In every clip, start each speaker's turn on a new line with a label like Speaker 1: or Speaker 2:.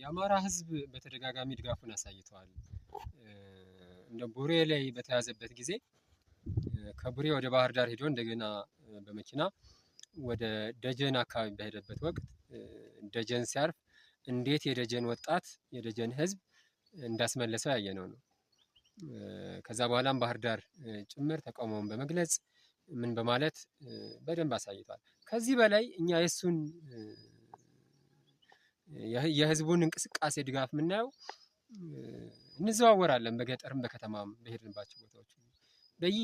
Speaker 1: የአማራ ህዝብ በተደጋጋሚ ድጋፉን አሳይተዋል። እንደ ቡሬ ላይ በተያዘበት ጊዜ ከቡሬ ወደ ባህር ዳር ሄዶ እንደገና በመኪና ወደ ደጀን አካባቢ በሄደበት ወቅት ደጀን ሲያርፍ እንዴት የደጀን ወጣት የደጀን ህዝብ እንዳስመለሰው ያየነው ነው። ከዛ በኋላም ባህር ዳር ጭምር ተቃውሞውን በመግለጽ ምን በማለት በደንብ አሳይቷል። ከዚህ በላይ እኛ የእሱን የህዝቡን እንቅስቃሴ ድጋፍ የምናየው እንዘዋወራለን። በገጠርም በከተማም በሄድንባቸው ቦታዎች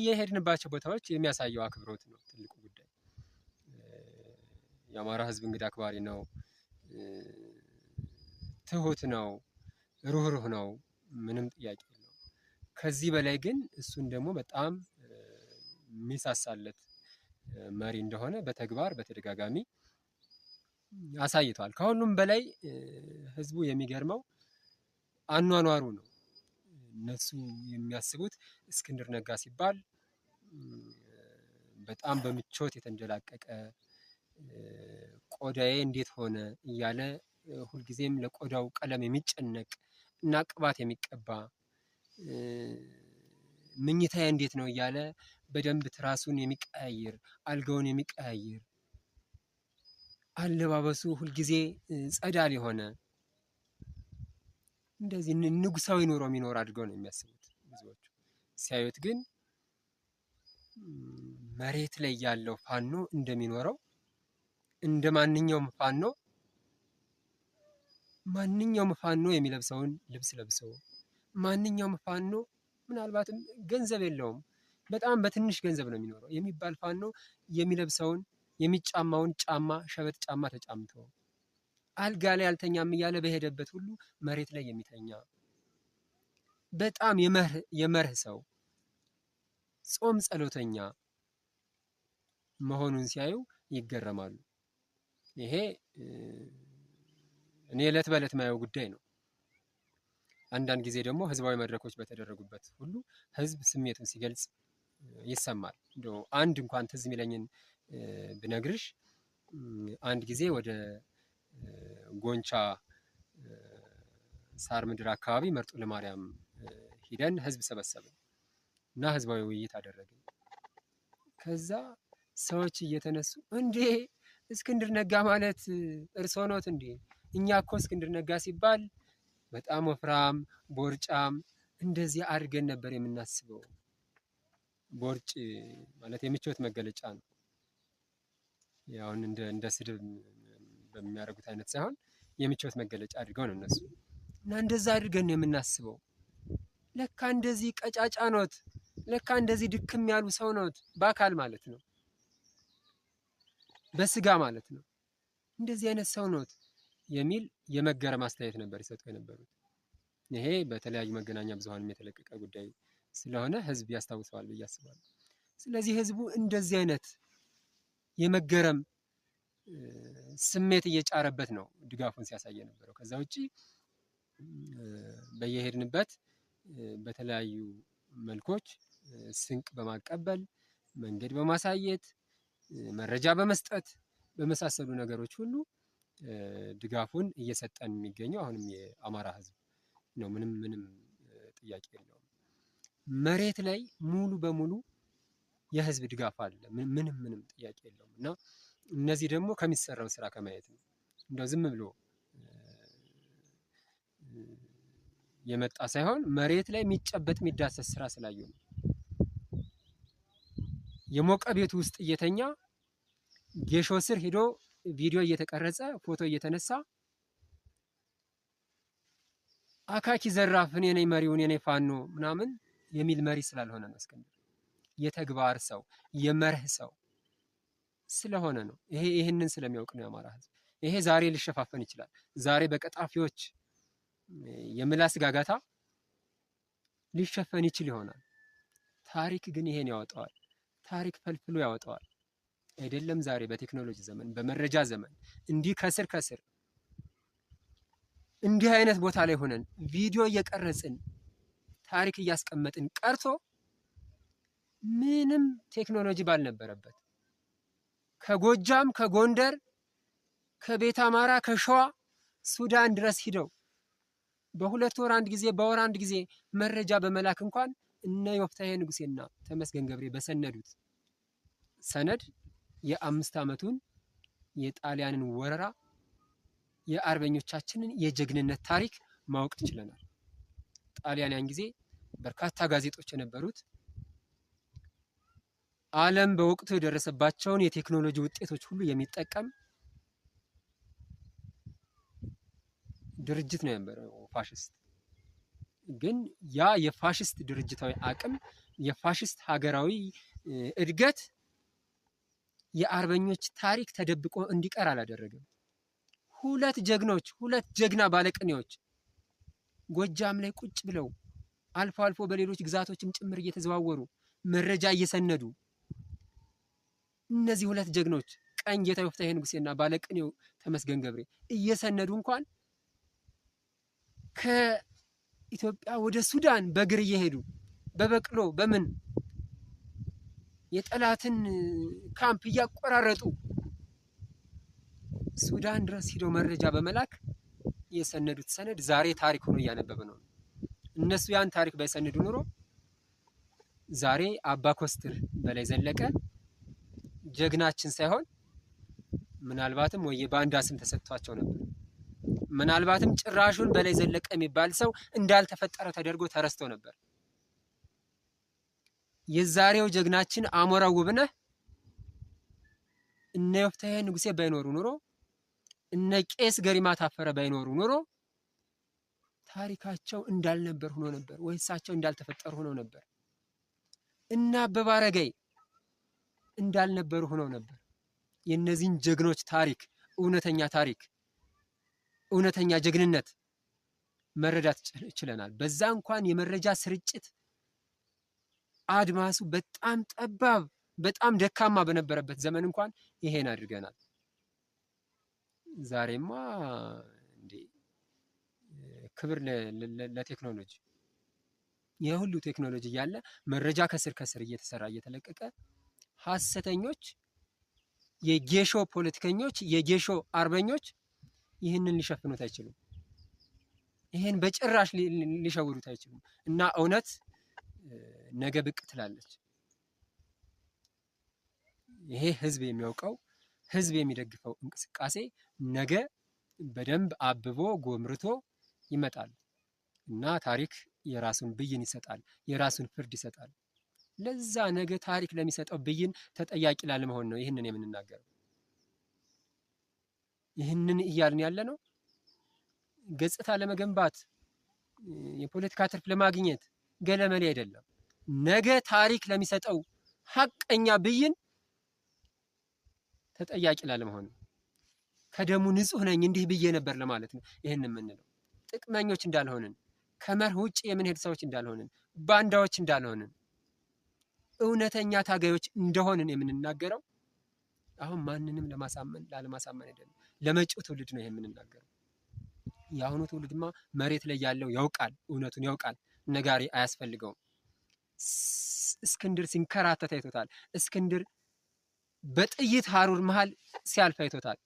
Speaker 1: የሄድንባቸው ቦታዎች የሚያሳየው አክብሮት ነው ትልቁ ጉዳይ። የአማራ ህዝብ እንግዲህ አክባሪ ነው፣ ትሁት ነው፣ ሩህሩህ ነው። ምንም ጥያቄ የለው። ከዚህ በላይ ግን እሱን ደግሞ በጣም የሚሳሳለት መሪ እንደሆነ በተግባር በተደጋጋሚ አሳይቷል። ከሁሉም በላይ ህዝቡ የሚገርመው አኗኗሩ ነው። እነሱ የሚያስቡት እስክንድር ነጋ ሲባል በጣም በምቾት የተንደላቀቀ ቆዳዬ እንዴት ሆነ እያለ ሁልጊዜም ለቆዳው ቀለም የሚጨነቅ እና ቅባት የሚቀባ ምኝታዬ እንዴት ነው እያለ በደንብ ትራሱን የሚቀያይር አልጋውን የሚቀያይር አለባበሱ ሁልጊዜ ጸዳል የሆነ እንደዚህ ንጉሳዊ ኑሮ የሚኖር አድርገው ነው የሚያስቡት ብዙዎቹ። ሲያዩት ግን መሬት ላይ ያለው ፋኖ እንደሚኖረው እንደ ማንኛውም ፋኖ ማንኛውም ፋኖ የሚለብሰውን ልብስ ለብሰው ማንኛውም ፋኖ ምናልባትም ገንዘብ የለውም በጣም በትንሽ ገንዘብ ነው የሚኖረው የሚባል ፋኖ የሚለብሰውን የሚጫማውን ጫማ ሸበጥ ጫማ ተጫምቶ አልጋ ላይ አልተኛም እያለ በሄደበት ሁሉ መሬት ላይ የሚተኛ በጣም የመርህ ሰው ጾም ጸሎተኛ መሆኑን ሲያዩ ይገረማሉ። ይሄ እኔ ዕለት በዕለት ማየው ጉዳይ ነው። አንዳንድ ጊዜ ደግሞ ህዝባዊ መድረኮች በተደረጉበት ሁሉ ህዝብ ስሜቱን ሲገልጽ ይሰማል። አንድ እንኳን ትዝ የሚለኝን ብነግርሽ አንድ ጊዜ ወደ ጎንቻ ሳር ምድር አካባቢ መርጦ ለማርያም ሂደን ህዝብ ሰበሰብን እና ህዝባዊ ውይይት አደረግን። ከዛ ሰዎች እየተነሱ እንዴ እስክንድር ነጋ ማለት እርሶ ኖት እንዴ? እኛ እኮ እስክንድር ነጋ ሲባል በጣም ወፍራም ቦርጫም እንደዚህ አድርገን ነበር የምናስበው። ቦርጭ ማለት የምቾት መገለጫ ነው። አሁን እንደ ስድብ በሚያደርጉት አይነት ሳይሆን የምቾት መገለጫ አድርገው ነው እነሱ እና እንደዛ አድርገን ነው የምናስበው። ለካ እንደዚህ ቀጫጫ ኖት፣ ለካ እንደዚህ ድክም ያሉ ሰው ኖት፣ በአካል ማለት ነው፣ በስጋ ማለት ነው፣ እንደዚህ አይነት ሰው ኖት የሚል የመገረም አስተያየት ነበር ይሰጡ የነበሩት። ይሄ በተለያዩ መገናኛ ብዙሃንም የተለቀቀ ጉዳይ ስለሆነ ህዝብ ያስታውሰዋል ብዬ አስባለሁ። ስለዚህ ህዝቡ እንደዚህ አይነት የመገረም ስሜት እየጫረበት ነው ድጋፉን ሲያሳይ የነበረው። ከዛ ውጭ በየሄድንበት በተለያዩ መልኮች ስንቅ በማቀበል መንገድ በማሳየት መረጃ በመስጠት በመሳሰሉ ነገሮች ሁሉ ድጋፉን እየሰጠን የሚገኘው አሁንም የአማራ ሕዝብ ነው። ምንም ምንም ጥያቄ የለውም። መሬት ላይ ሙሉ በሙሉ የህዝብ ድጋፍ አለ። ምንም ምንም ጥያቄ የለውም። እና እነዚህ ደግሞ ከሚሰራው ስራ ከማየት ነው። እንደው ዝም ብሎ የመጣ ሳይሆን መሬት ላይ የሚጨበጥ የሚዳሰስ ስራ ስላየ ነው። የሞቀ ቤት ውስጥ እየተኛ ጌሾ ስር ሄዶ ቪዲዮ እየተቀረጸ ፎቶ እየተነሳ አካኪ ዘራፍ እኔ ነኝ መሪው እኔ ነኝ ፋኖ ምናምን የሚል መሪ ስላልሆነ ነው እስክንድር የተግባር ሰው የመርህ ሰው ስለሆነ ነው። ይሄ ይህንን ስለሚያውቅ ነው የአማራ ህዝብ። ይሄ ዛሬ ሊሸፋፈን ይችላል። ዛሬ በቀጣፊዎች የምላስ ጋጋታ ሊሸፈን ይችል ይሆናል። ታሪክ ግን ይሄን ያወጣዋል። ታሪክ ፈልፍሎ ያወጣዋል። አይደለም ዛሬ በቴክኖሎጂ ዘመን በመረጃ ዘመን እንዲህ ከስር ከስር እንዲህ አይነት ቦታ ላይ ሆነን ቪዲዮ እየቀረጽን ታሪክ እያስቀመጥን ቀርቶ ምንም ቴክኖሎጂ ባልነበረበት ከጎጃም፣ ከጎንደር፣ ከቤት አማራ፣ ከሸዋ፣ ሱዳን ድረስ ሂደው በሁለት ወር አንድ ጊዜ በወር አንድ ጊዜ መረጃ በመላክ እንኳን እነ ዮፍታሄ ንጉሴና ተመስገን ገብሬ በሰነዱት ሰነድ የአምስት ዓመቱን የጣሊያንን ወረራ የአርበኞቻችንን የጀግንነት ታሪክ ማወቅ ትችለናል። ጣሊያን ያን ጊዜ በርካታ ጋዜጦች የነበሩት ዓለም በወቅቱ የደረሰባቸውን የቴክኖሎጂ ውጤቶች ሁሉ የሚጠቀም ድርጅት ነው የነበረው ፋሽስት። ግን ያ የፋሽስት ድርጅታዊ አቅም የፋሽስት ሀገራዊ እድገት የአርበኞች ታሪክ ተደብቆ እንዲቀር አላደረገም። ሁለት ጀግኖች ሁለት ጀግና ባለቅኔዎች ጎጃም ላይ ቁጭ ብለው አልፎ አልፎ በሌሎች ግዛቶችም ጭምር እየተዘዋወሩ መረጃ እየሰነዱ እነዚህ ሁለት ጀግኖች ቀኝ ጌታ ወፍታሄ ንጉሴና ባለቅኔው ተመስገን ገብሬ እየሰነዱ እንኳን ከኢትዮጵያ ወደ ሱዳን በእግር እየሄዱ በበቅሎ በምን የጠላትን ካምፕ እያቆራረጡ ሱዳን ድረስ ሂደው መረጃ በመላክ የሰነዱት ሰነድ ዛሬ ታሪክ ሆኖ እያነበበ ነው። እነሱ ያን ታሪክ ባይሰንዱ ኑሮ ዛሬ አባ ኮስትር በላይ ዘለቀ ጀግናችን ሳይሆን ምናልባትም ወይ ባንዳ ስም ተሰጥቷቸው ነበር። ምናልባትም ጭራሹን በላይ ዘለቀ የሚባል ሰው እንዳልተፈጠረ ተደርጎ ተረስቶ ነበር። የዛሬው ጀግናችን አሞራ ውብነህ እነ ዮፍታሔ ንጉሴ ባይኖሩ ኑሮ እነ ቄስ ገሪማ ታፈረ ባይኖሩ ኑሮ ታሪካቸው እንዳልነበር ሆኖ ነበር፣ ወይ እሳቸው እንዳልተፈጠሩ ሆኖ ነበር። እና አበበ አረጋይ እንዳልነበሩ ሆነው ነበር። የእነዚህን ጀግኖች ታሪክ፣ እውነተኛ ታሪክ፣ እውነተኛ ጀግንነት መረዳት ችለናል። በዛ እንኳን የመረጃ ስርጭት አድማሱ በጣም ጠባብ፣ በጣም ደካማ በነበረበት ዘመን እንኳን ይሄን አድርገናል። ዛሬማ እንዴ ክብር ለቴክኖሎጂ የሁሉ ቴክኖሎጂ እያለ መረጃ ከስር ከስር እየተሰራ እየተለቀቀ ሀሰተኞች የጌሾ ፖለቲከኞች፣ የጌሾ አርበኞች ይህንን ሊሸፍኑት አይችሉም። ይህን በጭራሽ ሊሸውዱት አይችሉም እና እውነት ነገ ብቅ ትላለች። ይሄ ህዝብ የሚያውቀው ህዝብ የሚደግፈው እንቅስቃሴ ነገ በደንብ አብቦ ጎምርቶ ይመጣል እና ታሪክ የራሱን ብይን ይሰጣል፣ የራሱን ፍርድ ይሰጣል። ለዛ ነገ ታሪክ ለሚሰጠው ብይን ተጠያቂ ላለመሆን ነው ይህንን የምንናገረው። ይህንን እያልን ያለ ነው። ገጽታ ለመገንባት የፖለቲካ ትርፍ ለማግኘት ገለመሌ አይደለም። ነገ ታሪክ ለሚሰጠው ሀቀኛ ብይን ተጠያቂ ላለመሆን ነው። ከደሙ ንጹህ ነኝ እንዲህ ብዬ ነበር ለማለት ነው ይህን የምንለው። ጥቅመኞች እንዳልሆንን፣ ከመርህ ውጭ የምንሄድ ሰዎች እንዳልሆንን፣ ባንዳዎች እንዳልሆንን እውነተኛ ታጋዮች እንደሆንን የምንናገረው አሁን ማንንም ለማሳመን ላለማሳመን አይደለም፣ ለመጪው ትውልድ ነው የምንናገረው። የአሁኑ ትውልድማ መሬት ላይ ያለው ያውቃል፣ እውነቱን ያውቃል፣ ነጋሪ አያስፈልገውም። እስክንድር ሲንከራተት አይቶታል። እስክንድር በጥይት ሀሩር መሀል ሲያልፍ አይቶታል።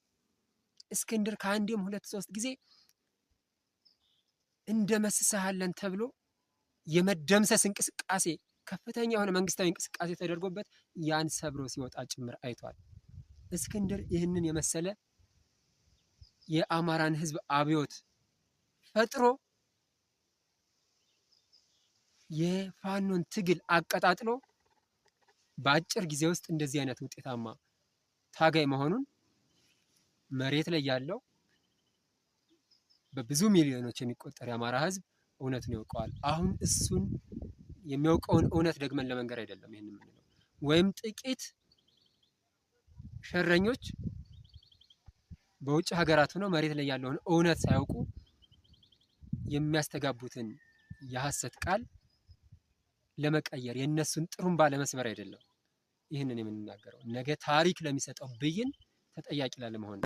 Speaker 1: እስክንድር ከአንዴም ሁለት ሶስት ጊዜ እንደመስሰሃለን ተብሎ የመደምሰስ እንቅስቃሴ ከፍተኛ የሆነ መንግስታዊ እንቅስቃሴ ተደርጎበት ያን ሰብሮ ሲወጣ ጭምር አይቷል። እስክንድር ይህንን የመሰለ የአማራን ህዝብ አብዮት ፈጥሮ የፋኖን ትግል አቀጣጥሎ በአጭር ጊዜ ውስጥ እንደዚህ አይነት ውጤታማ ታጋይ መሆኑን መሬት ላይ ያለው በብዙ ሚሊዮኖች የሚቆጠር የአማራ ህዝብ እውነቱን ያውቀዋል። አሁን እሱን የሚያውቀውን እውነት ደግመን ለመንገር አይደለም ይህን የምንለው። ወይም ጥቂት ሸረኞች በውጭ ሀገራት ሆነው መሬት ላይ ያለውን እውነት ሳያውቁ የሚያስተጋቡትን የሐሰት ቃል ለመቀየር የእነሱን ጥሩምባ ለመስበር አይደለም ይህንን የምንናገረው። ነገ ታሪክ ለሚሰጠው ብይን ተጠያቂ ላለመሆን ነው።